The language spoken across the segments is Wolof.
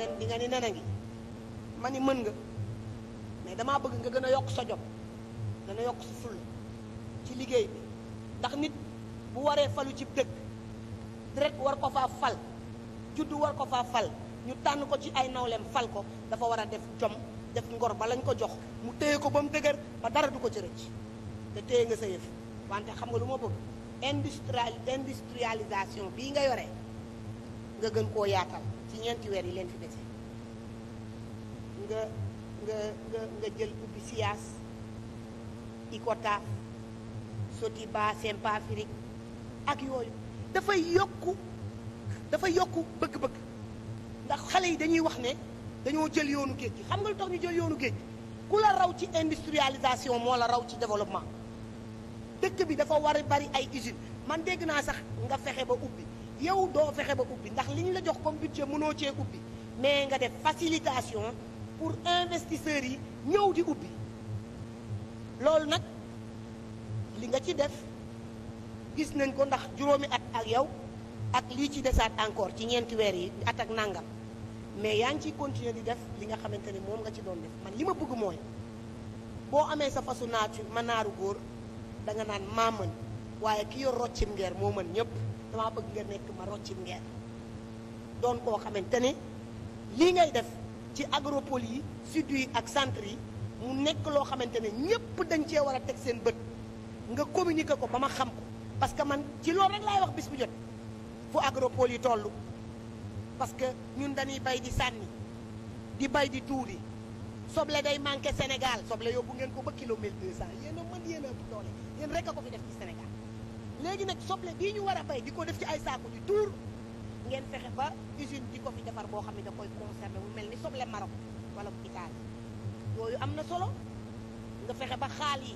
ren di nga ni nene ngi ma ni mën nga mais damaa bëgg nga gën a yokk sa jom gën a yokk sa fulla ci liggéey bi ndax nit bu waree falu ci dëkk deret war ko faa fal juddu war ko faa fal ñu tànn ko ci ay nawleem fal ko dafa war a def jom def ngor ba lañ ko jox mu téye ko ba mu dëgër ba dara du ko ci rëcc te téye nga sa yëf wante xam nga lu ma bëgg industrial bii nga yore nga gën koo yaatal ñeenti weer yi leen fi dese nga nga nga nga jël ubbi siyaas ICOTAF SOTIBA Simpafric ak yooyu dafay yokk dafay yokk bëgg-bëgg ndax xale yi dañuy wax ne dañoo jël yoonu géej gi xam nga lu tax ñu jël yoonu géej gi ku la raw ci industrialisation moo la raw ci développement dëkk bi dafa war a bari ay usines man dégg naa sax nga fexe ba ubbi yow doo fexe ba ubbi ndax li ñu la jox comme budget mënoo cee ubbi mais nga def facilitation pour investisseurs yi ñëw di ubbi loolu nag li nga ci def gis nañ ko ndax juróomi at ak yow ak lii ci desaat encore ci ñeenti weer yi at ak nàngam mais yaa ngi ciy continuer di def li nga xamante ni moom nga ci doon def man li ma bëgg mooy boo amee sa fasu ma naaru góor danga naan maa waaye ki yor roccim ngeer moo mën ñëpp dama bëgg nga nekk ma roccin ngeen doon koo xamante ne lii ngay def ci agropole yi sud yi ak centre yi mu nekk loo xamante ne ñépp dañ cee war a teg seen bët nga communiquer ko ba ma xam ko parce que man ci loolu rek laay wax bis bu jot fu agropole yi toll parce que ñun dañuy bay di sànni di bay di tuuri soble day manqué Sénégal soble yóbbu ngeen ko ba kilo mille deux cent yéen a mën yéen a doole yéen rek a ko fi def ci Sénégal léegi nag soble bii ñu war a bay di ko def ci ay saako di tuur ngeen fexe ba usine di ko fi defar boo xam ne da koy conservé mu mel ni soble Maroc wala bu Italie yooyu am na solo nga fexe ba xaal yi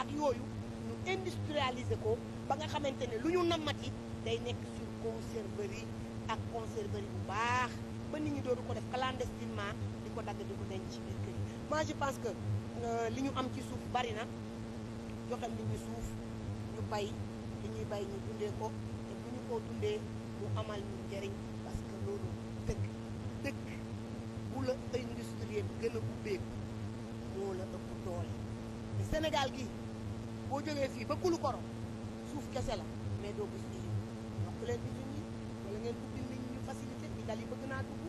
ak yooyu ñu industrialiser ko ba nga xamante ne lu ñu nammati day nekk sur conserverie ak conserverie bu baax ba nit ñi dootu ko def clandestinement di ko dagg di ko denc ci biir kër yi moi je pense que euh, li ñu am ci suuf bari na joxal nit suuf ñu bay li ñuy bay ñu dundee ko te bu ko dundee mu amal ñu njëriñ parce que loolu dëkk dëkk bu la industrie gën a ubbeeku moo la ëpp doole te Sénégal gi boo jógee fii ba koro suuf kese la mais doo gis usine yokk leen usine ñu facilité Italie bëgg naa dugg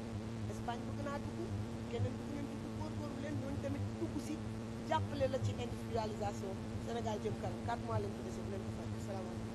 Espagne bëgg naa dugg keneen bëgg ngeen dugg góorgóorlu leen ñooñu tamit dugg si jàppale la ci industrialisation Sénégal jëm kanam 4 mois lañ ko dese bu leen ko fay Salaamaaleykum.